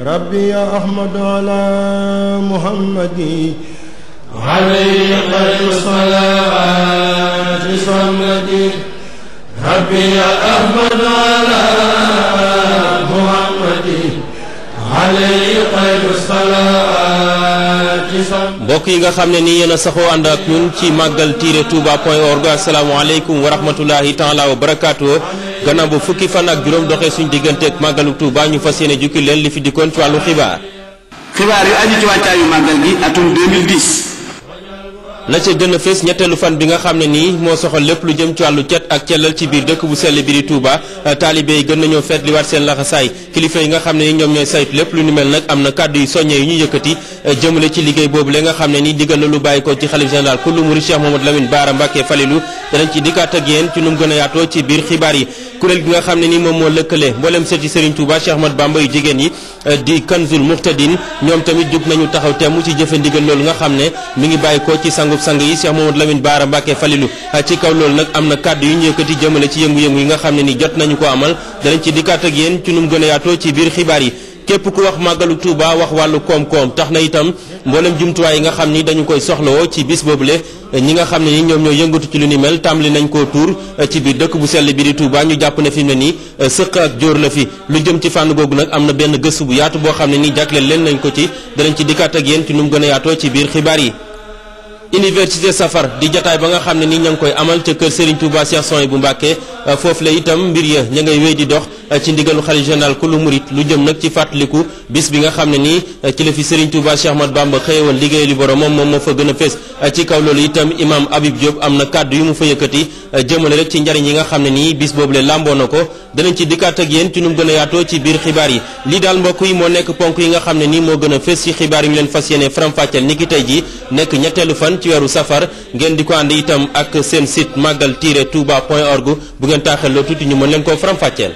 rabbi ya ahmadu ala muhammadi alayhi xayru salaati samlati rabbi ya ahmadu ala muhammadi alayhi xayru salaati samlati mbokk yi nga xam ne ni yéen a saxoo ànd ak ñun ci màggal tiire touba point org assalaamu aleykum wa rahmatullahi taala wa barakaatu gannaaw ba fukki fan ak juróom doxee suñ diggante ak màggalu Touba ñu fas yéene jukki leen li fi dikkoon ci wàllu xibaar. xibaar yu aju ci wàccaayu màggal gi atum 2010. la ca fees ñetteelu fan bi nga xam ne nii moo soxal lépp lu jëm ci wàllu cet ak cellal ci biir dëkk bu sell bi di Touba taalibe yi gën nañoo feet liwaat seen laxasaay kilifa yi nga xam ne ni ñoom ñooy saytu lépp lu ni mel nag am na kàddu yu soññe yu ñu yëkkati eh, jëmale ci liggéey boobu la nga xam ne nii diggal na lu bàyyi ko ci xalif général kullu murid Cheikh Mamadou Lamine Bara Mbacké Falilou danañ ci nu mu yaatoo ci biir xibaar yi kuréel gi nga xam ne ni moom moo lëkkale mboolem sëti Serigne Touba Cheikh Ahmad Bamba yu jigéen yi euh, di Kanzul Muqtadin ñoom tamit jóg nañu taxaw temm ci jëfe ndigal loolu nga xam ne mi ngi bàyyi ko ci sangub sang yi Cheikh Mamadou Lamine Baara Mbacke Falilu euh, ci kaw loolu nag am na kàddu yu ñu yëkkati jëmale ci yëngu-yëngu yi nga xam ne ni jot nañu ko amal danañ ci dikkaat ak yéen ci num gën a yaatoo ci biir xibaar yi képp ku wax màggalu Touba wax wàllu koom-koom tax na itam mboolem jumtuwaay yi nga xam ni dañu koy soxlawoo ci biis bis le ñi nga xam ne ni ñoom ñoo yëngatu ci lu ni mel tàmbali nañ koo tuur eh, ci biir dëkk bu sell bi di Touba ñu jàpp ne fi ne ni eh, sëq ak jóor la fi lu jëm ci fànn googu nag am na benn gëstu bu yaatu boo xam ne nii jagleel leen nañ ko ci danañ ci dikkaat ak yéen ci nu mu gën a yaatoo ci biir xibaar yi université safar di jataay ba nga xam ne ni ña ngi koy amal ca kër Serigne Touba Cheikh Son bu Mbàkke eh, foofu la itam mbir ya ña ngay wéy di dox Eh, ci ndigalu xalif général ku lu murit lu jëm nag ci fàttaliku bis bi nga xam ne nii eh, ci la fi Serigne Touba Cheikh Ahmad Bamba xëyewoon liggéey li borom moom moom moo fa gën a fees eh, ci kaw loolu itam imam Habib Diop am na kàddu yu mu fa yëkkati jëmale rek ci njariñ yi nga xam ne nii bis boobule làmboo na ko danañ ci dikkaat ak yéen ci nu mu gën a yaatoo ci biir xibaar yi lii daal mbokk yi moo nekk ponk yi nga xam ne ni moo gën a fees ci xibaar yi ñu leen fas yéene faram-fàcceel ni ki tey ji nekk ñetteelu fan ci weeru safar ngeen di ko ànd itam ak seen site magal-touba.org bu ngeen taaxel loo tuuti ñu mën leen koo faram-fàcceel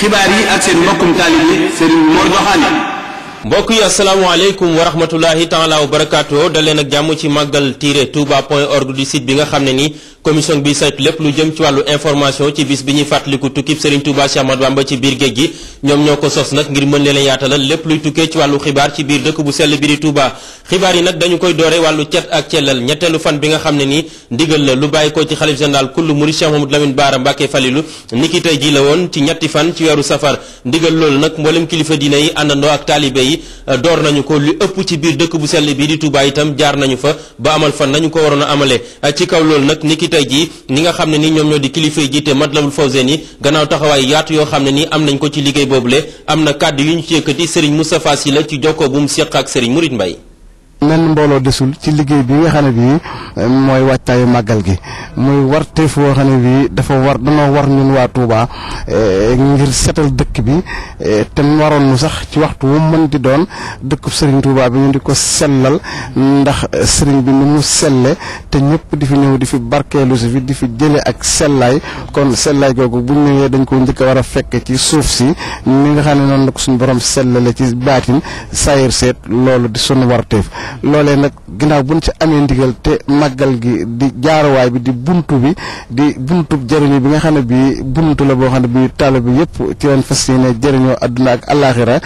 xibaar yi ak seen mbokkum taalib yi Serigne Mor Doxaane mbokk yi asalaamaaleykum wa rahmatulahi taala wa barakaatu dal leen ak jàmm ci màggal tiire touba point org du site bi nga xam ne ni commission bi saytu lépp lu jëm ci wàllu information ci bis bi ñuy fàttaliku tukkib Serigne Touba Cheikh Ahmadou Bamba ci biir géej gi ñoom ñoo ko sos nag ngir mën leen yaatalal lépp luy tukkee ci wàllu xibaar ci biir dëkk bu sell bi di Touba xibaar yi nag dañu koy doore wàllu cet ak cellal ñetteelu fan bi nga xam ne ni ndigal la lu bàyyi ko ci xalif général kullu murid Cheikh Mamadou Lamine Bara Mbacké Falilu niki tey ji la woon ci ñetti fan ci weeru safar ndigal loolu nag mboolem kilifa diine yi àndandoo ak taalibe yi euh, door nañu ko lu ëpp ci biir dëkk bu sell bi di Touba itam jaar nañu fa ba amal fan nañu ko waroon a amalee euh, ci kaw loolu nag ni ki tey jii ñi nga xam ne ni ñoom ñoo di kilifa yi jiite Matlabul ni gannaaw taxawaay yaatu yoo xam ne ni am nañ ko ci liggéey le am na kàddu yu ñu ci yëkkati Serigne Moustapha Sylla ci jokkoo bu mu séq ak Serigne Mouride mbay menn mbooloo desul ci liggéey bi nga xam ne bii eh, mooy wàccaayu màggal gi muy warteef woo xam ne bii dafa war danoo war ñun waa Touba eh, ngir seetal dëkk bi eh, te waroon nu sax ci waxtu wu mën di doon dëkkub Serigne Touba bi ñu di ko sellal ndax Serigne bi ni mu selle te ñëpp di fi ñëw di fi barkeelu si fi di fi jële ak sellaay kon sellaay googu bu ñëwee dañ ko njëkk a war a fekk ci suuf si ni nga xam ne noonu la suñu borom sellale ci baatin saayir seet loolu di sunu warteef. loolee nag ginnaaw buñ ci amee ndigal te màggal gi di jaaruwaay bi di buntu bi di buntu jëriñu bi nga xam ne bii buntu la boo xam ne bii taalibe bi yëpp ci leen fas yéene jëriñoo àdduna ak àllaaxira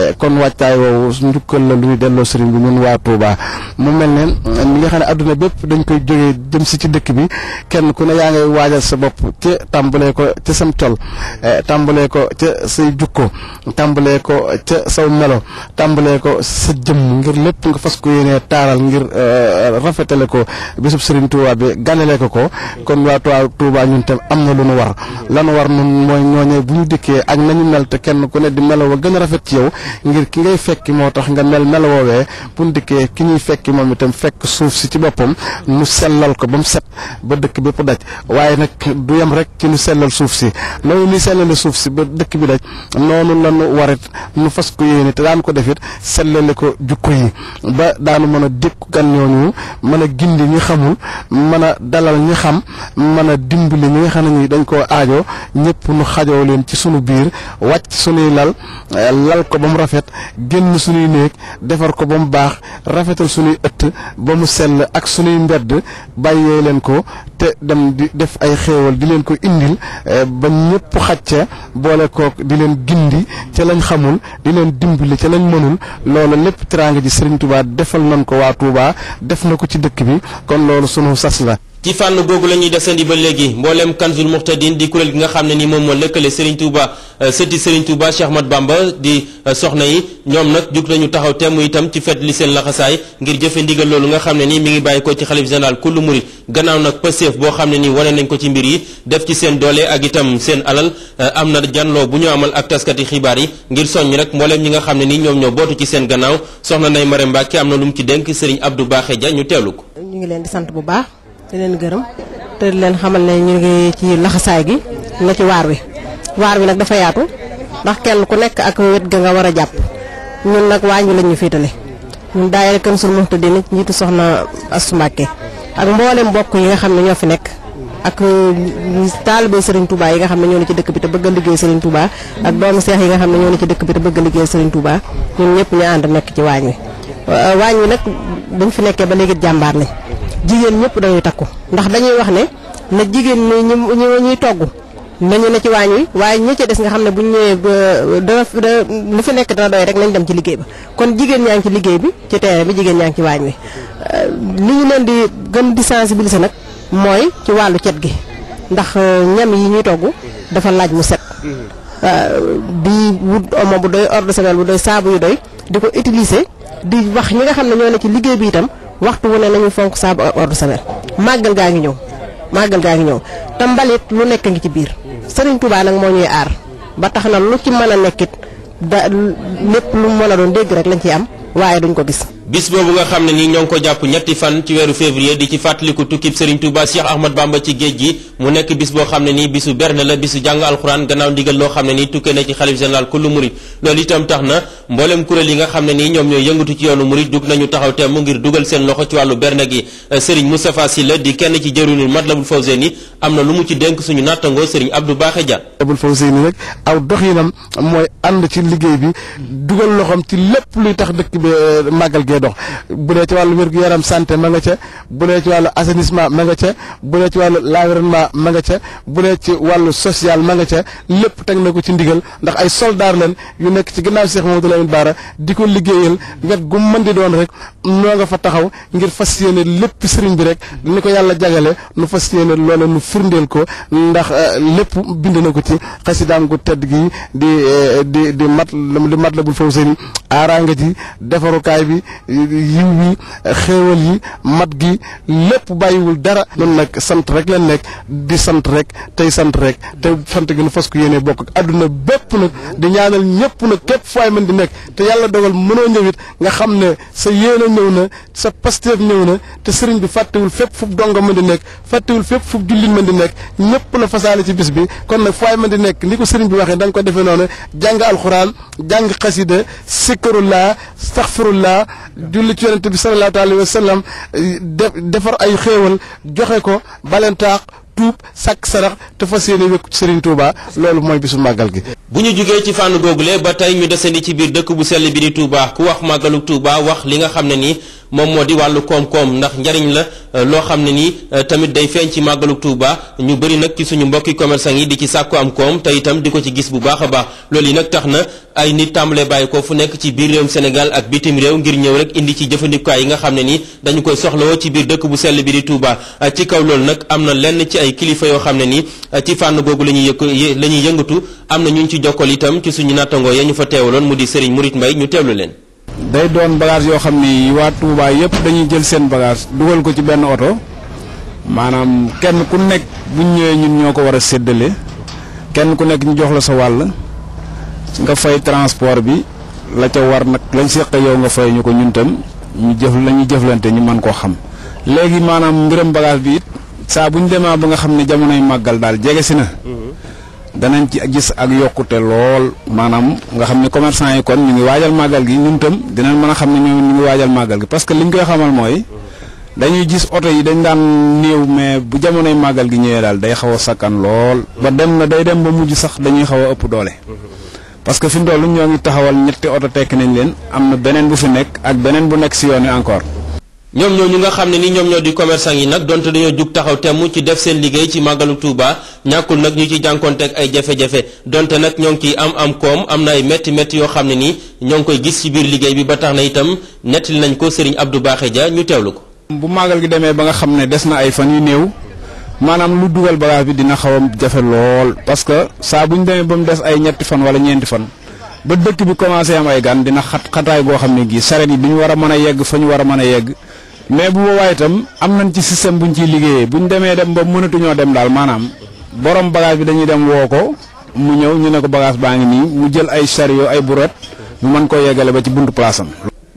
eh, kon wàccaay woowu njukkal la lu ñu delloo sëriñ bi ñun waa Touba mu mel ne ñi nga xam ne àdduna bépp dañ koy jógee jëm si ci dëkk bi kenn ku ne yaa ngay waajal sa bopp ci tàmbalee ko ca sam col eh, tàmbalee ko ca say jukko tàmbalee ko ca saw melo tàmbalee ko sa jëm ko yéene taaral ngir euh, rafetale ko bésub Serigne Touba bi ganale ko ko kon waa Touba ñun tam am na lu nu war lanu war nun mooy ñooñee bu mu dikkee ak nañu mel te kenn ku ne di melowa gën a rafet ci yow ngir ki ngay fekki moo tax nga mel melawoowee bu ñu dikkee ki ñuy fekki moom itam fekk suuf si ci boppam nu sellal ko ba mu set ba dëkk bépp daj waaye nag du yem rek ci nu sellal suuf si noonu nuy sellale suuf si ba dëkk bi daj noonu lanu warit nu fas ko yéene te daan ko defit sellale ko jukko daanu mën a dékku gan ñooñu mën a gindi ñi xamul mën a dalal ñi xam mën a dimbali ñi nga xam ne ni dañ koo aajo ñëpp nu xajoo leen ci sunu biir wàcc sunuy lal eh, lal ko ba mu rafet génn sunuy néeg defar ko ba mu baax rafetal sunuy ëtt ba mu sell ak sunuy mbedd bàyyee leen ko te dem di def ay xéewal di leen ko indil eh, ba ñëpp xacca boole kook di leen gindi ca lañ xamul di leen dimbali ca lañ mënul loolu lépp teraanga ji Sëriñ Tuubaa def defal nañ ko waa Touba def na ko ci dëkk bi kon loolu sunu sas la ci fànn googu la ñuy desandi ba léegi mbooleem kanzul muxtadin di kuréel gi nga xam ne ni moom moo lëkkale Serigne Touba euh, sëti Serigne Touba Cheikh Ahmad Bamba di euh, soxna yi ñoom nag jug nañu taxaw temm itam ci fet li seen laxasaay ngir jëfe ndigal loolu nga xam ne nii mi ngi bàyyi ko ci xalif général kullu murid gannaaw nag pëseef boo xam ne ni wane nañ ko ci mbir yi def ci seen doole ak itam seen alal euh, am na janloo bu ñu amal ak taskati xibaar yi ngir soññ rek mbooleem ñi nga xam ne ni ñoom ñoo bootu ci seen gannaaw soxna Ndeye Marème Mbacke am na lu mu ci dénk Serigne Abdou Bakhe Dia ñu teelu ko ñu di leen gërëm te leen xamal ne ñu ngi ci laxasaay gi na ci waar wi waar wi nag dafa yaatu ndax kenn ku nekk ak wet ga nga war a jàpp ñun nag waañ wi lañ ñu féetale ñun daayira Kën Sul Muhtadin njiitu soxna Astu Mbàkke ak mboolem mbokk yi nga xam ne ñoo fi nekk ak euh, taalibe Serigne Touba yi nga xam ne ñoo ne ci dëkk bi te bëgg a liggéey Serigne tubaa ak doomu seex nga xam ne ñoo ne ci dëkk bi bëgg a liggéey Serigne Touba ñun ñëpp ñu ànd nekk ci waañ wi euh, waañ wi nag buñ fi nekkee ba léegi jàmbaar lañ jigéen ñëpp dañuy takku ndax dañuy wax ne na jigéen ñi ñu ñu ñuy togg nañu ne ci waañ wi waaye ñi ci des nga xam ne bu ñu ñëwee dana lu fi nekk dana doy rek nañ dem ci liggéey ba kon jigéen ñaa ngi ci liggéey bi ci terrain bi jigéen ñaa ngi ci waañ wi. Euh, li ñu leen di gën di sensibiliser nag mooy ci wàllu cet gi ndax euh, ñam yi ñuy togg dafa laaj mu set. Euh, di wut omo bu doy ordre de bu doy saabu yu doy di ko utiliser di wax ñi nga xam ne ñoo ne ci liggéey bi itam. waxtu wu ne nañu fonk saabu ordre savel màggal gaa ngi ñëw màggal gaa ngi ñëw te lu nekk ngi ci biir Serigne Touba nag moo ñuy aar ba tax na lu ci mën a nekkit da lépp lu mën a doon dégg rek lañ ci am waaye duñ ko gis bis boobu nga xam ne ni ñoo ngi ko jàpp ñetti fan ci weeru février di ci fàttaliku tukkib Serigne Touba Cheikh Ahmad Bamba ci géej gi mu nekk bis boo xam ne nii bisu berne la bisu jàng alxuraan gannaaw ndigal loo xam ne nii tukkee na ci xalif général kullu murit loolu itam tax na mbooleem kuréel yi nga xam ne nii ñoom ñooy yëngatu ci yoonu murit dug nañu taxaw temm ngir dugal seen loxo ci wàllu berne gi eh, Serigne Moustapha Sylla di kenn ci jëriñu Matlabul Matlabul koy dox bu dee ci wàllu wér-gu-yaram santé ma nga ca bu dee ci wàllu assainissement ma nga ca bu dee ci wàllu l'environnement ma nga ca bu ci wàllu social ma nga ca lépp teg na ko ci ndigal ndax ay soldaar leen yu nekk ci ginnaaw Cheikh Mamadou Lamine Bara di ko liggéeyal wet gu man di doon rek noo nga fa taxaw ngir fas yéene lépp sëriñ bi rek ni ko yàlla jagale nu fas yéene loola nu firndeel ko ndax euh, lépp bind na ko ci xasidaam gu tedd gi di euh, di di mat di mat la bul faw sëriñ aaraanga ji defarukaay bi yiw yi xéewal yi mat gi lépp bàyyiwul dara noonu nag sant rek la nekk di sant rek tey sant rek te sant gi nu fas ko yéene bokk ak adduna bépp nag di ñaanal ñëpp nag képp fooy mën di nekk te yàlla dogal mënoo ñëw it nga xam ne sa yéene ñëw na sa pasteef ñëw na te sëriñ bi fàttewul fépp fu donga mën di nekk fàttewul fépp fu jullit mën di nekk ñëpp la fasaale ci bis bi kon nag fooy mën di nekk ni ko sëriñ bi waxe da nga ko defee noonu jàng alxuraan jàng xasida sikkarullah staxfirullah julli ci yonent bi sallallahu alayhi wa sallam defar ay xéewal joxe ko balentaax tuub sàkk sarax te fas yéene wékku ci Serigne Touba loolu mooy bisu màggal gi. bu ñu jugee ci fànn googule ba tey ñu desandi ci biir dëkk bu sell bi di Touba ku wax màggalu Touba wax xam ne nii moom moo di wàllu koom-koom ndax njariñ la euh, loo xam ne nii euh, tamit day feeñ ci màggalu Touba ñu bëri nag ci suñu mbokki commerçant yi di ci sàkku am koom te itam ko ci gis bu baax a baax loolu nag tax na ay nit tàmbalee bàyyi ko fu nekk ci biir réewum Sénégal ak bitim réew ngir ñëw rek indi ci jëfandikuwaay yi nga xam ne nii dañu koy soxlawoo ci biir dëkk bu sell bi di Touba euh, ci kaw loolu nag am na lenn ci ay ay kilifa yoo xam ne ni eh, ci fànn googu la ñuy yëkk la ñuy yëngatu am na ñu ñu ci jokkal itam ci suñu nattangoo ya ñu fa teewaloon mu di Serigne Mouride Mbaye ñu teewlu leen. day doon bagage yoo xam ni waa Touba yëpp dañuy jël seen bagage dugal ko ci benn oto maanaam kenn ku nekk bu ñëwee ñun ñoo ko war a séddale kenn ku nekk ñu jox la sa wàll nga fay transport bi la ca war nag lañ seq yow nga fay ñu ko ñun tam ñu jëf la ñuy jëflante ñu man koo xam léegi maanaam saa bu ñu demaa ba nga xam ne jamonoy màggal daal jege si na. Mhm. danañ ci gis ak yokkute lool maanaam nga xam ne commerçant yi kon ñu ngi waajal màggal gi ñun tam dinañ mën a xam ne ñoom ñu ngi waajal màggal gi parce que liñ koy xamal mooy. Mhm. dañuy gis oto yi dañ daan néew mais bu jamonoy màggal gi ñëwee daal day xaw a sakkan lool. ba dem na day dem ba mujj sax dañuy xaw a ëpp doole. Mhm. parce que fi mu toll ñoo ngi taxawal ñetti oto tekki nañ leen am na beneen bu fi nekk ak beneen bu nekk si yoon encore. ñoom ñoo ñu nga xam ne ni ñoom ñoo di commerçant yi nag donte dañoo jug taxaw temm ci def seen liggéey ci màggalu Touba ñàkkul nag ñu ci jànkonteeg ay jafe-jafe donte nag ñoo ngi ciy am am koom am na ay métti métti yoo xam ne nii ñoo ngi koy gis ci biir liggéey bi ba tax na itam nettali nañ ko Serigne Abdou Baaxe Dia ñu teewlu ko. bu màggal gi demee ba nga xam ne des na ay fan yu néew maanaam lu dugal bagage bi dina xaw a jafe lool parce que saa bu ñu demee ba mu des ay ñetti fan wala ñeenti fan. ba dëkk bi commencé am ay gan dina xat xataay goo xam ne gii saret yi duñu war a mën a yegg fa ñu war a mën a yegg mais bu boobaa itam am nañ ci système buñ ciy liggéeyee bu buñ demee dem ba mënatuñoo dem daal maanaam borom bagage bi dañuy dem woo ko mu ñëw ñu ne ko bagage baa ngi nii mu jël ay chariot ay brouette mu mën koo yeggale ba ci buntu place am.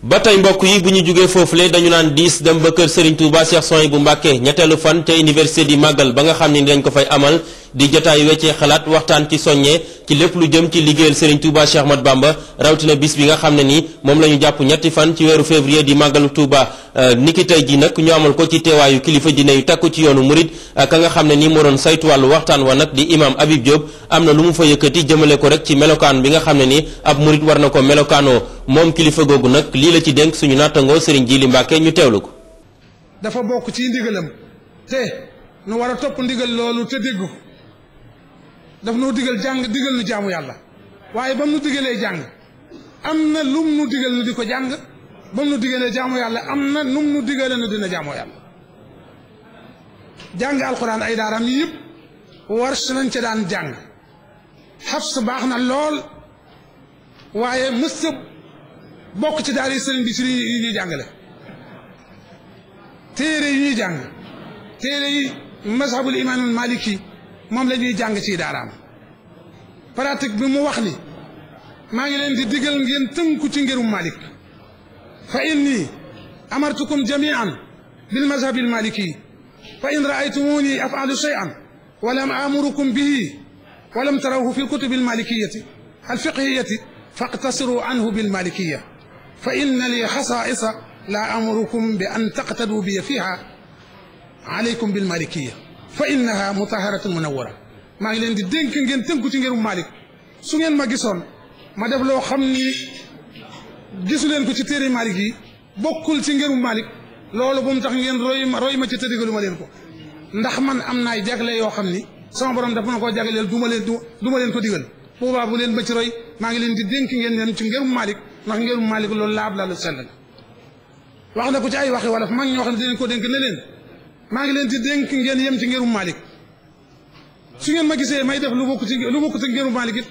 ba tey mbokk yi bu ñu jógee foofu foofule dañu naan diis dem ba kër Serigne Touba Cheikh Sohaibou bu Mbacké ñetteelu fan te université di màggal ba nga xam ni dañ ko fay amal. di jotaay weccee xalaat waxtaan ci soññee ci lépp lu jëm ci liggéeyal Serigne Touba Cheikh Ahmad Bamba rawatina bis bi nga xam ne ni moom la ñu jàpp ñetti fan ci weeru février di màggalu Touba. Euh, niki tey ji nag ñu amal ko ci teewaayu kilifa dina yu takku ci yoonu murid euh, ka nga xam ne nii moo doon saytu wàllu waxtaan wa nag di imam Habib Diop am na lu mu fa yëkkati jëmale ko rek ci melokaan bi nga xam ne ni ab murid war na ko melokaanoo moom kilifa googu nag lii la ci dénk suñu nattangoo Serigne Djili Mbacke ñu teewlu ko. dafa bokk ci ndigalam te nu war a daf noo digal jàng digal nu jaamu yàlla waaye ba mu nu digalee jàng am na lum nu digal nu di ko jàng ba mu nu jaamu yàlla am na lum nu digalee nu dina jaamoo yàlla jàng alxuraan ay daaraam yi yëpp war su nañ ca daan jàng xafs baax na lool waaye mës bokk ci daal yi sëriñ bi yi ñuy jàngale téere yi jàng téere yi mazhabul imaamul maliki moom la ñuy jàng ci daaraam pratique bi mu wax ni maa ngi leen di digal ngeen tënku ci ngirum Malik fa inni amartukum jamian bil mazhabi al maliki fa in raaytumuni afalu shay'an wa lam amurukum bihi wa lam tarawhu fi kutubi al malikiyati al fiqhiyati faqtasiru anhu bil malikiya fa inna li xasaa'isa la amurukum bi an taqtadu bi fiha alaykum bil malikiya fa innaha mutaharatun munawwara maa ngi leen di dénk ngeen tënku ci ngirum Malick su ngeen ma gisoon ma def loo xam ni gisu leen ko ci téere Malick yi bokkul ci ngirum Malick loolu bu mu tax ngeen roy ma roy ma ci tëddigalu ma leen ko ndax man am naay jagle yoo xam ni sama borom daf na koo jagleel du ma leen du ma leen ko digal boobaa bu leen ba ci roy maa ngi leen di dénk ngeen leen ci ngirum Malick ndax ngirum Malick loolu laab la lu sell la wax na ko ci ay waxi wolof maa ngi ñoo xam ne dinañ ko dénk ne leen maa ngi leen di dénk ngeen yem ci ngeerum Malick su ngeen ma gisee may def lu bokk ci lu bokk ci ngeerum Malick it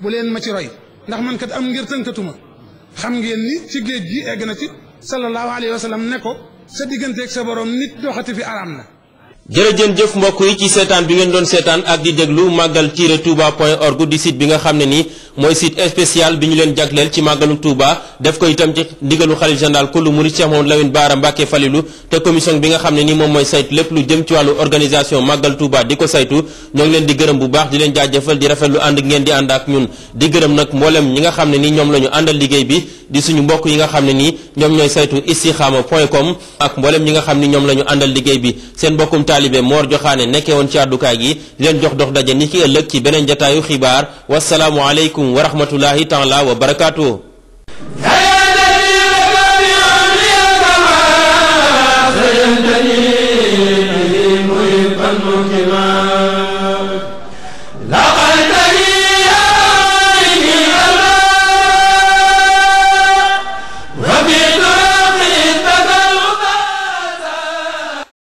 bu leen ma ci roy ndax man kat am ngir tënkatuma xam ngeen ni ci géej gi egg na ci sallallahu alayhi wa sallam ne ko sa digganteeg sa borom nit doxati fi araam na jërëjën jëf mbokk yi ci seetaan bi ngeen doon seetaan ak di déglu màggal tiire touba point org di site bi nga xam ne nii mooy site spécial bi ñu leen jagleel ci màggalu touba def ko itam ci ndigalu xalif général mu murid Cheikh Mouhamed Lawine Bara Mbacké Falilou te commission bi nga xam ne nii moom mooy saytu lépp lu jëm ci wàllu organisation màggal touba di ko saytu ñoo ngi leen di gërëm bu baax di leen jaajëfal di rafetlu ànd ngeen di ànd ak ñun di gërëm nag mboolem ñi nga xam ne nii ñoom la ñu àndal liggéey bi di suñu mbokk yi nga xam ne nii ñoom ñooy saytu istikhama point com ak mboolem ñi nga xam ni ñoom la ñu àndal liggéey bi taalibe Mor Joxaane nekkee woon ci àddukaay gi di leen jox dox daje ni ki ëllëg ci beneen jataayu xibaar wasalaamu aleykum wa rahmatullahi taala wa barakaatu.